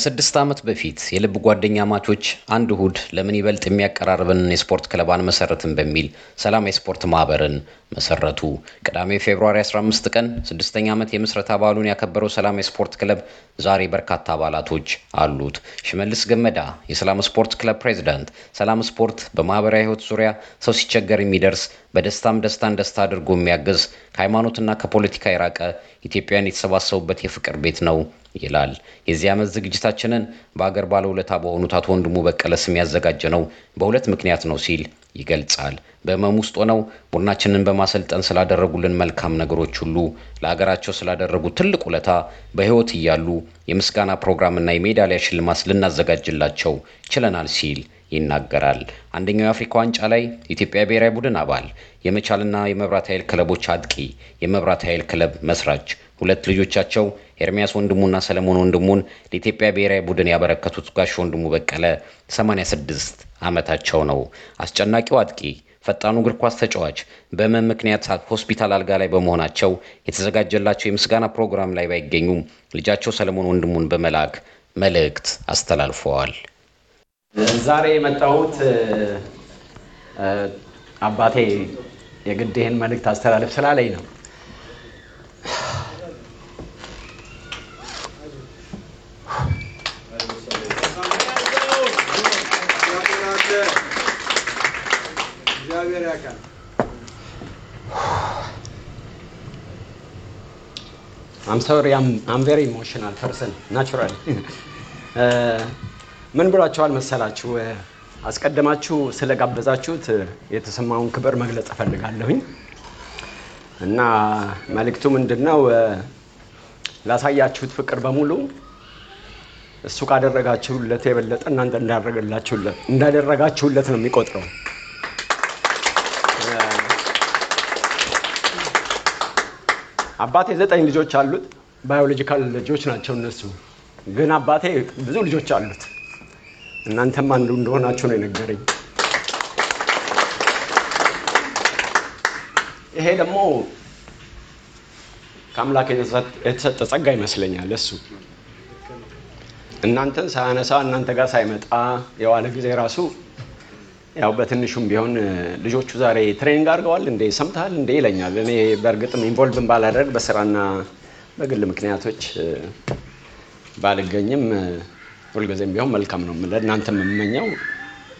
ከስድስት ዓመት በፊት የልብ ጓደኛ ማቾች አንድ እሁድ ለምን ይበልጥ የሚያቀራርብን የስፖርት ክለብ አንመሰረትን በሚል ሰላም የስፖርት ማህበርን መሰረቱ። ቅዳሜ ፌብሩዋሪ 15 ቀን ስድስተኛ ዓመት የምስረታ በዓሉን ያከበረው ሰላም የስፖርት ክለብ ዛሬ በርካታ አባላቶች አሉት። ሽመልስ ገመዳ የሰላም ስፖርት ክለብ ፕሬዚዳንት፣ ሰላም ስፖርት በማህበራዊ ህይወት ዙሪያ ሰው ሲቸገር የሚደርስ በደስታም ደስታን ደስታ አድርጎ የሚያግዝ ከሃይማኖትና ከፖለቲካ የራቀ ኢትዮጵያውያን የተሰባሰቡበት የፍቅር ቤት ነው ይላል። የዚህ ዓመት ዝግጅታችንን በአገር ባለውለታ በሆኑት አቶ ወንድሙ በቀለ ስም ያዘጋጀ ነው በሁለት ምክንያት ነው ሲል ይገልጻል። በህመም ውስጥ ሆነው ቡድናችንን በማሰልጠን ስላደረጉልን መልካም ነገሮች ሁሉ፣ ለሀገራቸው ስላደረጉት ትልቅ ውለታ በህይወት እያሉ የምስጋና ፕሮግራምና የሜዳሊያ ሽልማት ልናዘጋጅላቸው ችለናል ሲል ይናገራል። አንደኛው የአፍሪካ ዋንጫ ላይ ኢትዮጵያ ብሔራዊ ቡድን አባል የመቻልና የመብራት ኃይል ክለቦች አጥቂ፣ የመብራት ኃይል ክለብ መስራች ሁለት ልጆቻቸው ኤርሚያስ ወንድሙና ሰለሞን ወንድሙን ለኢትዮጵያ ብሔራዊ ቡድን ያበረከቱት ጋሽ ወንድሙ በቀለ 86 ዓመታቸው ነው። አስጨናቂው አጥቂ፣ ፈጣኑ እግር ኳስ ተጫዋች በህመም ምክንያት ሆስፒታል አልጋ ላይ በመሆናቸው የተዘጋጀላቸው የምስጋና ፕሮግራም ላይ ባይገኙም ልጃቸው ሰለሞን ወንድሙን በመላክ መልእክት አስተላልፈዋል። ዛሬ የመጣሁት አባቴ የግድ ይህን መልእክት አስተላለፍ ስላለኝ ነው። አም ሶሪ አም ቬሪ ኢሞሽናል ፐርሰን ናቹራል ምን ብሏቸዋል መሰላችሁ? አስቀድማችሁ ስለጋበዛችሁት የተሰማውን ክብር መግለጽ እፈልጋለሁኝ እና መልእክቱ ምንድን ነው? ላሳያችሁት ፍቅር በሙሉ እሱ ካደረጋችሁለት የበለጠ እናንተ እንዳደረጋችሁለት ነው የሚቆጥረው። አባቴ ዘጠኝ ልጆች አሉት። ባዮሎጂካል ልጆች ናቸው እነሱ። ግን አባቴ ብዙ ልጆች አሉት እናንተም አንዱ እንደሆናችሁ ነው የነገረኝ። ይሄ ደግሞ ከአምላክ የተሰጠ ጸጋ ይመስለኛል። እሱ እናንተን ሳያነሳ እናንተ ጋር ሳይመጣ የዋለ ጊዜ ራሱ ያው በትንሹም ቢሆን ልጆቹ ዛሬ ትሬኒንግ አድርገዋል እንዴ ሰምተሃል እንዴ ይለኛል። እኔ በእርግጥም ኢንቮልቭን ባላደርግ በስራና በግል ምክንያቶች ባልገኝም ሁልጊዜም ቢሆን መልካም ነው ለእናንተ የምመኘው።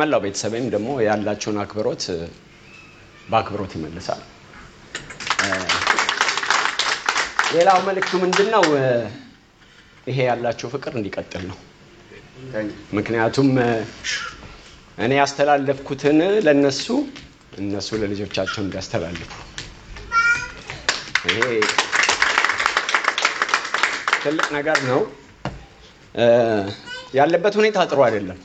መላው ወይም ደግሞ ያላቸውን አክብሮት በአክብሮት ይመልሳል። ሌላው መልእክቱ ምንድን ነው? ይሄ ያላቸው ፍቅር እንዲቀጥል ነው። ምክንያቱም እኔ ያስተላለፍኩትን ለነሱ እነሱ ለልጆቻቸው እንዲያስተላልፉ ይሄ ትልቅ ነገር ነው። ያለበት ሁኔታ ጥሩ አይደለም።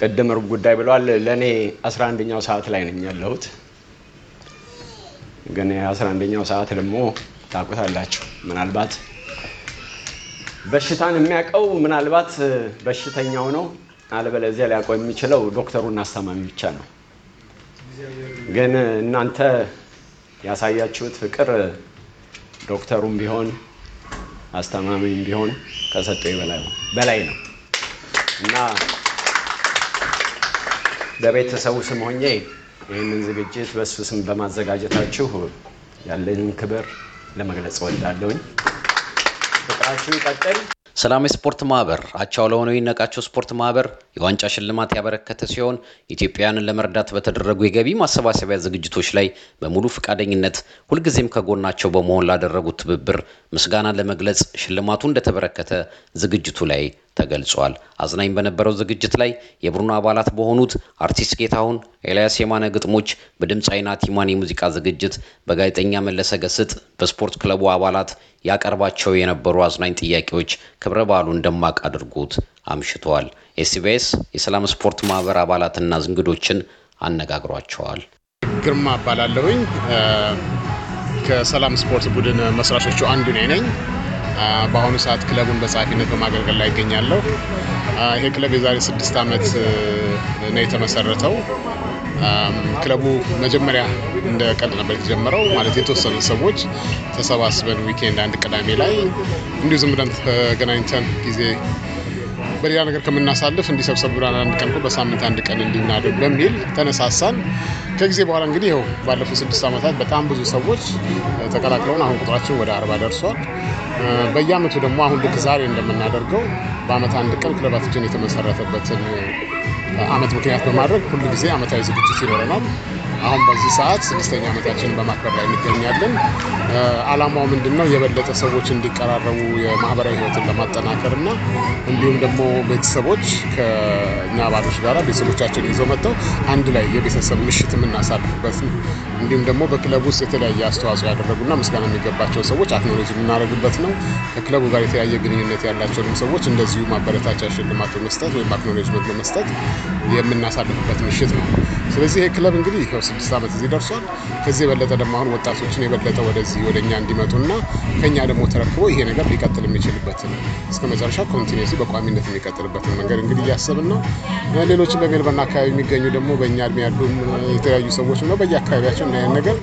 ቅድም ሩብ ጉዳይ ብለዋል። ለእኔ አስራ አንደኛው ሰዓት ላይ ነኝ ያለሁት። ግን የአስራ አንደኛው ሰዓት ደግሞ ታውቁታላችሁ። ምናልባት በሽታን የሚያውቀው ምናልባት በሽተኛው ነው፣ አለበለዚያ ሊያውቀው የሚችለው ዶክተሩና አስታማሚ ብቻ ነው። ግን እናንተ ያሳያችሁት ፍቅር ዶክተሩም ቢሆን አስተማሚም ቢሆን ከሰጠው በላይ በላይ ነው እና በቤተሰቡ ስም ሆኜ ይህንን ዝግጅት በእሱ ስም በማዘጋጀታችሁ ያለንን ክብር ለመግለጽ እወዳለሁኝ። ፍቅራችሁ ይቀጥል። ሰላም የስፖርት ማህበር አቻው ለሆነው ይነቃቸው ስፖርት ማህበር የዋንጫ ሽልማት ያበረከተ ሲሆን ኢትዮጵያውያንን ለመርዳት በተደረጉ የገቢ ማሰባሰቢያ ዝግጅቶች ላይ በሙሉ ፈቃደኝነት ሁልጊዜም ከጎናቸው በመሆን ላደረጉት ትብብር ምስጋና ለመግለጽ ሽልማቱ እንደተበረከተ ዝግጅቱ ላይ ተገልጿል። አዝናኝ በነበረው ዝግጅት ላይ የቡድኑ አባላት በሆኑት አርቲስት ጌታሁን፣ ኤልያስ የማነ ግጥሞች በድምፃዊ ናቲማን የሙዚቃ ዝግጅት፣ በጋዜጠኛ መለሰ ገስጥ በስፖርት ክለቡ አባላት ያቀርባቸው የነበሩ አዝናኝ ጥያቄዎች ክብረ በዓሉን ደማቅ አድርጎት አምሽተዋል። ኤስቢኤስ የሰላም ስፖርት ማህበር አባላትና እንግዶችን አነጋግሯቸዋል። ግርማ እባላለሁኝ። ከሰላም ስፖርት ቡድን መስራቾቹ አንዱ ነኝ ነኝ በአሁኑ ሰዓት ክለቡን በጸሐፊነት በማገልገል ላይ ይገኛለሁ። ይሄ ክለብ የዛሬ ስድስት ዓመት ነው የተመሰረተው። ክለቡ መጀመሪያ እንደ ቀልድ ነበር የተጀመረው። ማለት የተወሰኑ ሰዎች ተሰባስበን ዊኬንድ አንድ ቅዳሜ ላይ እንዲሁ ዝም ብለን ተገናኝተን ጊዜ በሌላ ነገር ከምናሳልፍ እንዲሰብሰብ ብለን አንድ ቀን በሳምንት አንድ ቀን እንዲናደግ በሚል ተነሳሳን። ከጊዜ በኋላ እንግዲህ ይኸው ባለፉት ስድስት ዓመታት በጣም ብዙ ሰዎች ተቀላቅለውን አሁን ቁጥራችን ወደ አርባ ደርሷል። በየአመቱ ደግሞ አሁን ልክ ዛሬ እንደምናደርገው በአመት አንድ ቀን ክለባትችን የተመሰረተበትን አመት ምክንያት በማድረግ ሁሉ ጊዜ አመታዊ ዝግጅት ይኖረናል። አሁን በዚህ ሰዓት ስድስተኛ ዓመታችንን በማክበር ላይ እንገኛለን። አላማው ምንድን ነው? የበለጠ ሰዎች እንዲቀራረቡ የማህበራዊ ህይወትን ለማጠናከር እና እንዲሁም ደግሞ ቤተሰቦች ከእኛ አባሎች ጋር ቤተሰቦቻቸውን ይዘው መጥተው አንድ ላይ የቤተሰብ ምሽት የምናሳልፍበት ነው። እንዲሁም ደግሞ በክለብ ውስጥ የተለያየ አስተዋጽኦ ያደረጉና ምስጋና የሚገባቸው ሰዎች አክኖሎጂ የምናደርግበት ነው። ከክለቡ ጋር የተለያየ ግንኙነት ያላቸውንም ሰዎች እንደዚሁ ማበረታቻ ሽልማት በመስጠት ወይም አክኖሎጅመንት በመስጠት የምናሳልፍበት ምሽት ነው። ስለዚህ ይሄ ክለብ እንግዲህ ይኸው ስድስት ዓመት እዚህ ደርሷል። ከዚህ የበለጠ ደግሞ አሁን ወጣቶችን የበለጠ ወደዚህ ወደ እኛ እንዲመጡና ከኛ ደግሞ ተረክቦ ይሄ ነገር ሊቀጥል የሚችልበትን እስከ መጨረሻ ኮንቲኒቲ በቋሚነት የሚቀጥልበትን መንገድ እንግዲህ እያሰብን ነው። ሌሎችን በሜልበርን አካባቢ የሚገኙ ደግሞ በእኛ እድሜ ያሉ የተለያዩ ሰዎች ነው በየአካባቢያቸው እንዳይን ነገር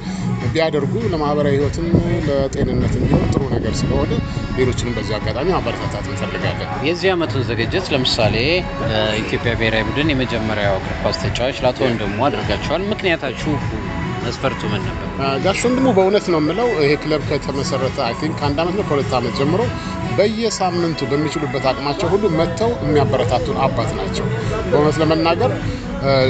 ቢያደርጉ ለማህበራዊ ህይወትም ለጤንነትም ቢሆን ጥሩ ነገር ስለሆነ ሌሎችንም በዚህ አጋጣሚ ማበረታታት እንፈልጋለን። የዚህ ዓመቱን ዝግጅት ለምሳሌ ኢትዮጵያ ብሔራዊ ቡድን የመጀመሪያው እግር ኳስ ተጫዋች ለአቶ ወንድሙ አድርጋቸዋል። ምክንያታችሁ መስፈርቱ ምን ነበር? ጋሽ ወንድሙ በእውነት ነው የምለው ይሄ ክለብ ከተመሰረተ አይ ቲንክ ከአንድ ዓመት ነው ከሁለት ዓመት ጀምሮ በየሳምንቱ በሚችሉበት አቅማቸው ሁሉ መጥተው የሚያበረታቱን አባት ናቸው። በእውነት ለመናገር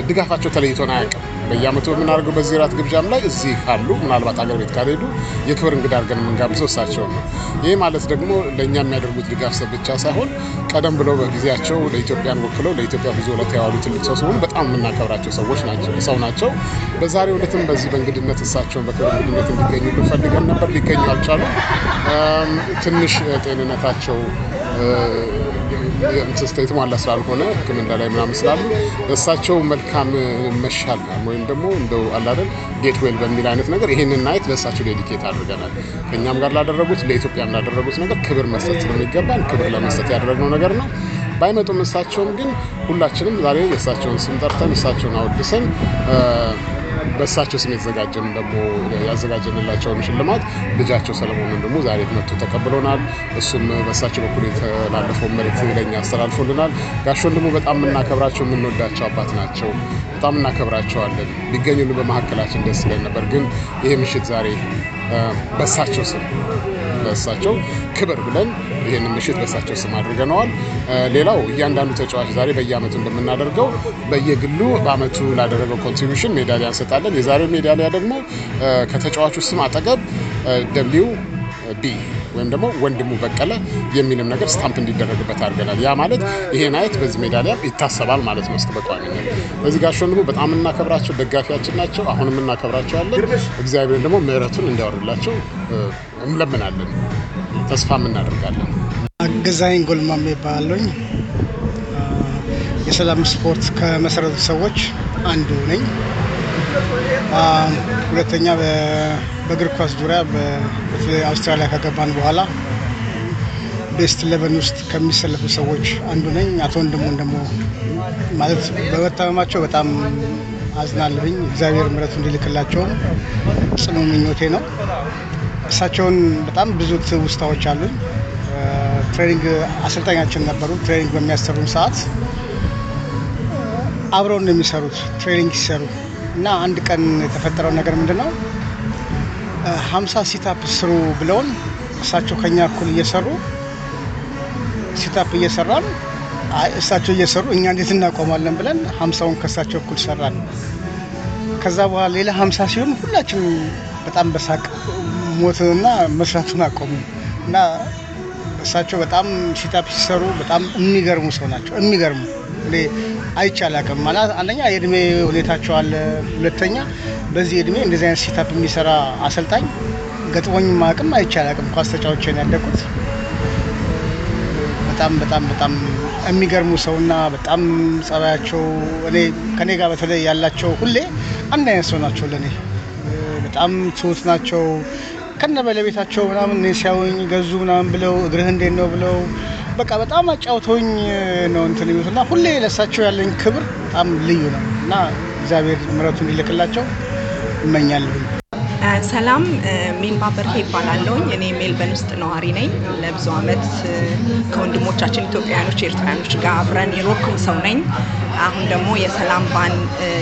ድጋፋቸው ተለይቶን አያውቅም። በየአመቱ በምናደርገው በዚህ ራት ግብዣም ላይ እዚህ ካሉ ምናልባት አገር ቤት ካልሄዱ የክብር እንግዳ አድርገን የምንጋብዘው እሳቸውን ነው። ይህ ማለት ደግሞ ለእኛ የሚያደርጉት ድጋፍ ብቻ ሳይሆን ቀደም ብለው በጊዜያቸው ለኢትዮጵያን ወክለው ለኢትዮጵያ ብዙ ለት የዋሉ ትልቅ ሰው ሲሆኑ በጣም የምናከብራቸው ሰዎች ሰው ናቸው። በዛሬው ዕለትም በዚህ በእንግድነት እሳቸውን በክብር እንግድነት እንዲገኙ ፈልገን ነበር፣ ሊገኙ አልቻሉም። ትንሽ ጤንነታቸው እንትን ማለት ስላልሆነ ሕክምና ላይ ምናምን ስላሉ እሳቸው መልካም መሻል ወይም ደግሞ እንደው አላደል ጌት ዌል በሚል አይነት ነገር ይህንን ናይት ለእሳቸው ዴዲኬት አድርገናል። ከእኛም ጋር ላደረጉት ለኢትዮጵያ ላደረጉት ነገር ክብር መስጠት ስለሚገባን ክብር ለመስጠት ያደረግነው ነገር ነው። ባይመጡም እሳቸውም ግን ሁላችንም ዛሬ የእሳቸውን ስም ጠርተን እሳቸውን አወድሰን በእሳቸው ስም የተዘጋጀን ደግሞ ያዘጋጀንላቸውን ሽልማት ልጃቸው ሰለሞንን ደግሞ ዛሬ መጥቶ ተቀብሎናል። እሱም በእሳቸው በኩል የተላለፈው መሬት ለኛ አስተላልፎልናል። ጋሾን ደግሞ በጣም የምናከብራቸው የምንወዳቸው አባት ናቸው። በጣም እናከብራቸዋለን። ቢገኙልን በመካከላችን ደስ ይለን ነበር፣ ግን ይሄ ምሽት ዛሬ በሳቸው ስም በሳቸው ክብር ብለን ይህን ምሽት በሳቸው ስም አድርገነዋል። ሌላው እያንዳንዱ ተጫዋች ዛሬ በየአመቱ እንደምናደርገው በየግሉ በአመቱ ላደረገው ኮንትሪቢሽን ሜዳሊያ እንሰጣለን። የዛሬው ሜዳሊያ ደግሞ ከተጫዋቹ ስም አጠገብ ደብሊው ቢ ወይም ደግሞ ወንድሙ በቀለ የሚልም ነገር ስታምፕ እንዲደረግበት አድርገናል። ያ ማለት ይሄ ናይት በዚህ ሜዳሊያ ይታሰባል ማለት ነው። እስከ በቋሚነት በዚህ ጋር ሾንቡ በጣም እናከብራቸው፣ ደጋፊያችን ናቸው። አሁንም እናከብራቸዋለን። እግዚአብሔር ደግሞ ምሕረቱን እንዲያወርድላቸው እንለምናለን፣ ተስፋም እናደርጋለን። ገዛኸኝ ጎልማም እባላለሁ። የሰላም ስፖርት ከመሰረቱ ሰዎች አንዱ ነኝ። ሁለተኛ በእግር ኳስ ዙሪያ በተለይ አውስትራሊያ ከገባን በኋላ ቤስት ኢሌቨን ውስጥ ከሚሰለፉ ሰዎች አንዱ ነኝ። አቶ ወንድሙን ደግሞ ማለት በመታመማቸው በጣም አዝናለሁኝ። እግዚአብሔር ምሕረቱ እንዲልክላቸውም ጽኑ ምኞቴ ነው። እሳቸውን በጣም ብዙ ትውስታዎች አሉኝ። ትሬኒንግ አሰልጣኛችን ነበሩ። ትሬኒንግ በሚያሰሩን ሰዓት አብረው ነው የሚሰሩት ትሬኒንግ ሲሰሩ እና አንድ ቀን የተፈጠረው ነገር ምንድን ነው? ሀምሳ ሲታፕ ስሩ ብለውን እሳቸው ከኛ እኩል እየሰሩ ሲታፕ እየሰራን እሳቸው እየሰሩ እኛ እንዴት እናቆማለን ብለን ሀምሳውን ከእሳቸው እኩል ሰራን። ከዛ በኋላ ሌላ ሀምሳ ሲሆን ሁላችን በጣም በሳቅ ሞትንና መስራቱን አቆሙ እና እሳቸው በጣም ሲታፕ ሲሰሩ በጣም የሚገርሙ ሰው ናቸው። የሚገርሙ አይቻላቅም ማለት አንደኛ የእድሜ ሁኔታቸው አለ፣ ሁለተኛ በዚህ እድሜ እንደዚህ አይነት ሴታፕ የሚሰራ አሰልጣኝ ገጥሞኝ ማቅም አይቻላቅም። ኳስ ተጫዎችን ያለኩት በጣም በጣም በጣም የሚገርሙ ሰውና በጣም ጸባያቸው እኔ ከኔ ጋር በተለይ ያላቸው ሁሌ አንድ አይነት ሰው ናቸው። ለእኔ በጣም ትሁት ናቸው። ከነ ባለቤታቸው ምናምን እኔ ሲያዩኝ ገዙ ምናምን ብለው እግርህ እንዴት ነው ብለው በቃ በጣም አጫውተውኝ ነው እንትን የሚሉት እና ሁሌ ለሳቸው ያለኝ ክብር በጣም ልዩ ነው እና እግዚአብሔር ምረቱ እንዲልክላቸው እመኛለሁ። ሰላም ሜልባ በርሄ ይባላለሁኝ። እኔ ሜልበን ውስጥ ነዋሪ ነኝ። ለብዙ አመት ከወንድሞቻችን ኢትዮጵያውያኖች፣ ኤርትራውያኖች ጋር አብረን የሮክም ሰው ነኝ። አሁን ደግሞ የሰላም ባን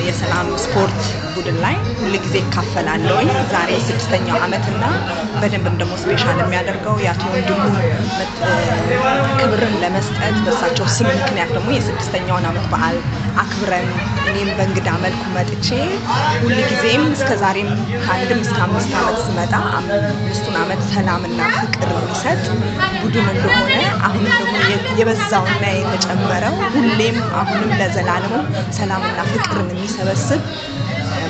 የሰላም ስፖርት ቡድን ላይ ሁልጊዜ ይካፈላለሁኝ። ዛሬ ስድስተኛው አመትና እና በደንብም ደግሞ ስፔሻል የሚያደርገው የአቶ ወንድሙ ክብርን ለመስጠት በእሳቸው ስም ምክንያት ደግሞ የስድስተኛውን አመት በዓል አክብረን እኔም በእንግዳ መልኩ መጥቼ ጊዜም እስከ ዛሬም ከአንድም እስከ አምስት ዓመት ስመጣ አምስቱን ዓመት ሰላምና ፍቅር የሚሰጥ ቡድን እንደሆነ አሁንም ደግሞ የበዛውና የተጨመረው ሁሌም አሁንም ለዘላለሙ ሰላምና ፍቅርን የሚሰበስብ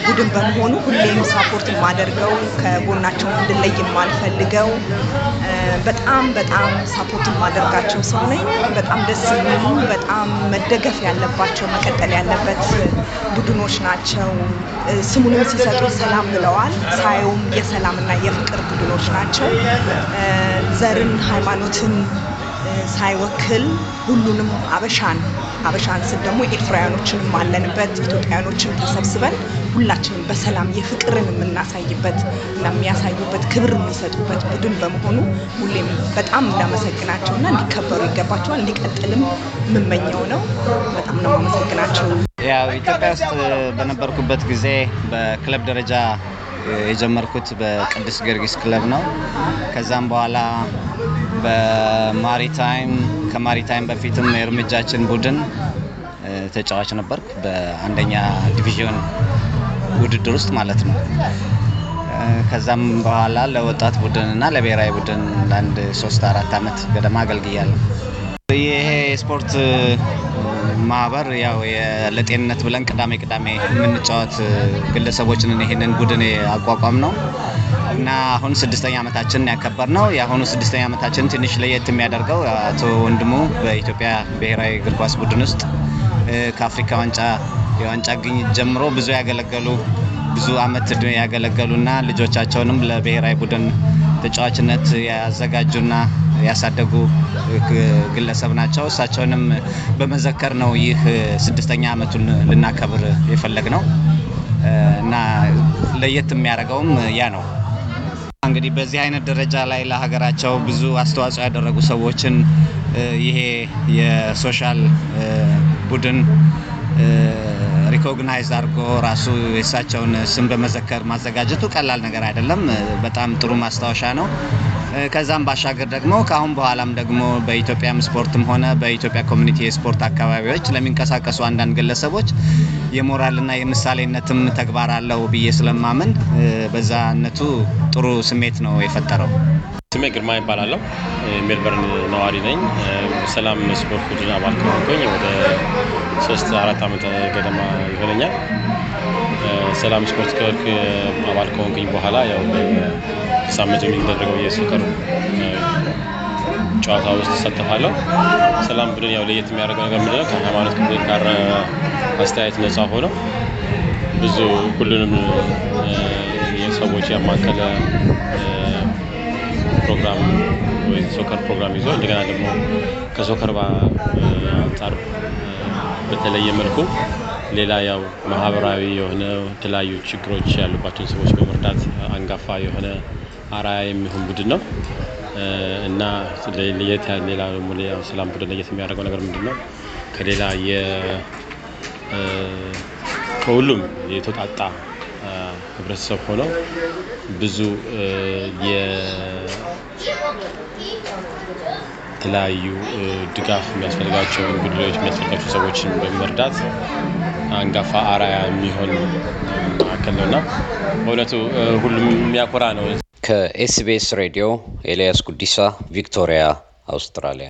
ቡድን በመሆኑ ሁሌም ሳፖርት የማደርገው ከጎናቸው እንድለይ የማልፈልገው በጣም በጣም ሳፖርት የማደርጋቸው ሰው ነኝ። በጣም ደስ የሚሉ በጣም መደገፍ ያለባቸው መቀጠል ያለበት ቡድኖች ናቸው። ስሙንም ሲሰጡ ሰላም ብለዋል። ሳየውም የሰላምና የፍቅር ቡድኖች ናቸው። ዘርን ሃይማኖትን ሳይወክል ሁሉንም አበሻን አበሻን ስል ደግሞ ኤርትራውያኖችንም አለንበት ኢትዮጵያውያኖችን ተሰብስበን ሁላችንም በሰላም የፍቅርን የምናሳይበት እና የሚያሳዩበት ክብር የሚሰጡበት ቡድን በመሆኑ ሁሌም በጣም እንዳመሰግናቸው እና እንዲከበሩ ይገባቸዋል። እንዲቀጥልም የምመኘው ነው። በጣም ነው አመሰግናቸው። ያው ኢትዮጵያ ውስጥ በነበርኩበት ጊዜ በክለብ ደረጃ የጀመርኩት በቅዱስ ጊዮርጊስ ክለብ ነው። ከዛም በኋላ በማሪታይም ከማሪታይም በፊትም የእርምጃችን ቡድን ተጫዋች ነበርኩ በአንደኛ ዲቪዥን ውድድር ውስጥ ማለት ነው። ከዛም በኋላ ለወጣት ቡድንና ለብሔራዊ ቡድን ለአንድ ሶስት አራት ዓመት ገደማ አገልግያለሁ። ይሄ የስፖርት ማህበር ያው ለጤንነት ብለን ቅዳሜ ቅዳሜ የምንጫወት ግለሰቦችን ይህንን ቡድን አቋቋም ነው እና አሁን ስድስተኛ ዓመታችንን ያከበር ነው። የአሁኑ ስድስተኛ ዓመታችን ትንሽ ለየት የሚያደርገው አቶ ወንድሙ በኢትዮጵያ ብሔራዊ እግር ኳስ ቡድን ውስጥ ከአፍሪካ ዋንጫ የዋንጫ ግኝት ጀምሮ ብዙ ያገለገሉ ብዙ አመት እድሜ ያገለገሉና ልጆቻቸውንም ለብሔራዊ ቡድን ተጫዋችነት ያዘጋጁና ያሳደጉ ግለሰብ ናቸው። እሳቸውንም በመዘከር ነው ይህ ስድስተኛ አመቱን ልናከብር የፈለግ ነው እና ለየት የሚያደርገውም ያ ነው። እንግዲህ በዚህ አይነት ደረጃ ላይ ለሀገራቸው ብዙ አስተዋጽኦ ያደረጉ ሰዎችን ይሄ የሶሻል ቡድን ሪኮግናይዝ አድርጎ ራሱ የእሳቸውን ስም በመዘከር ማዘጋጀቱ ቀላል ነገር አይደለም። በጣም ጥሩ ማስታወሻ ነው። ከዛም ባሻገር ደግሞ ከአሁን በኋላም ደግሞ በኢትዮጵያም ስፖርትም ሆነ በኢትዮጵያ ኮሚኒቲ የስፖርት አካባቢዎች ለሚንቀሳቀሱ አንዳንድ ግለሰቦች የሞራልና የምሳሌነትም ተግባር አለው ብዬ ስለማምን በዛነቱ ጥሩ ስሜት ነው የፈጠረው። ስሜ ግርማ ይባላለሁ። ሜልበርን ነዋሪ ነኝ። ሰላም ስፖርት ቡድን አባል ከሆንኩኝ ወደ ሶስት አራት ዓመት ገደማ ይሆነኛል። ሰላም ስፖርት ክበብ አባል ከሆንኩኝ በኋላ ያው ሳምንት የሚደረገው የሱቀር ጨዋታ ውስጥ እሳተፋለሁ። ሰላም ቡድን ያው ለየት የሚያደርገው ነገር ምንድነው ከሃይማኖት ክፍል ጋር አስተያየት ነጻ ሆነው ብዙ ሁሉንም የሰዎች ያማከለ ፕሮግራም ወይ ሶከር ፕሮግራም ይዞ እንደገና ደግሞ ከሶከር አንጻር በተለየ መልኩ ሌላ ያው ማህበራዊ የሆነ የተለያዩ ችግሮች ያሉባቸውን ሰዎች በመርዳት አንጋፋ የሆነ አራያ የሚሆን ቡድን ነው እና ለየት ሌላ ደግሞ ሰላም ቡድን ለየት የሚያደርገው ነገር ምንድን ነው? ከሌላ የ ከሁሉም የተውጣጣ ህብረተሰብ ሆነው ብዙ የተለያዩ ድጋፍ የሚያስፈልጋቸው ጉዳዮች የሚያስፈልጋቸው ሰዎችን በመርዳት አንጋፋ አራያ የሚሆን ማዕከል ነውና በእውነቱ ሁሉም የሚያኮራ ነው። ከኤስቢኤስ ሬዲዮ ኤልያስ ጉዲሳ ቪክቶሪያ፣ አውስትራሊያ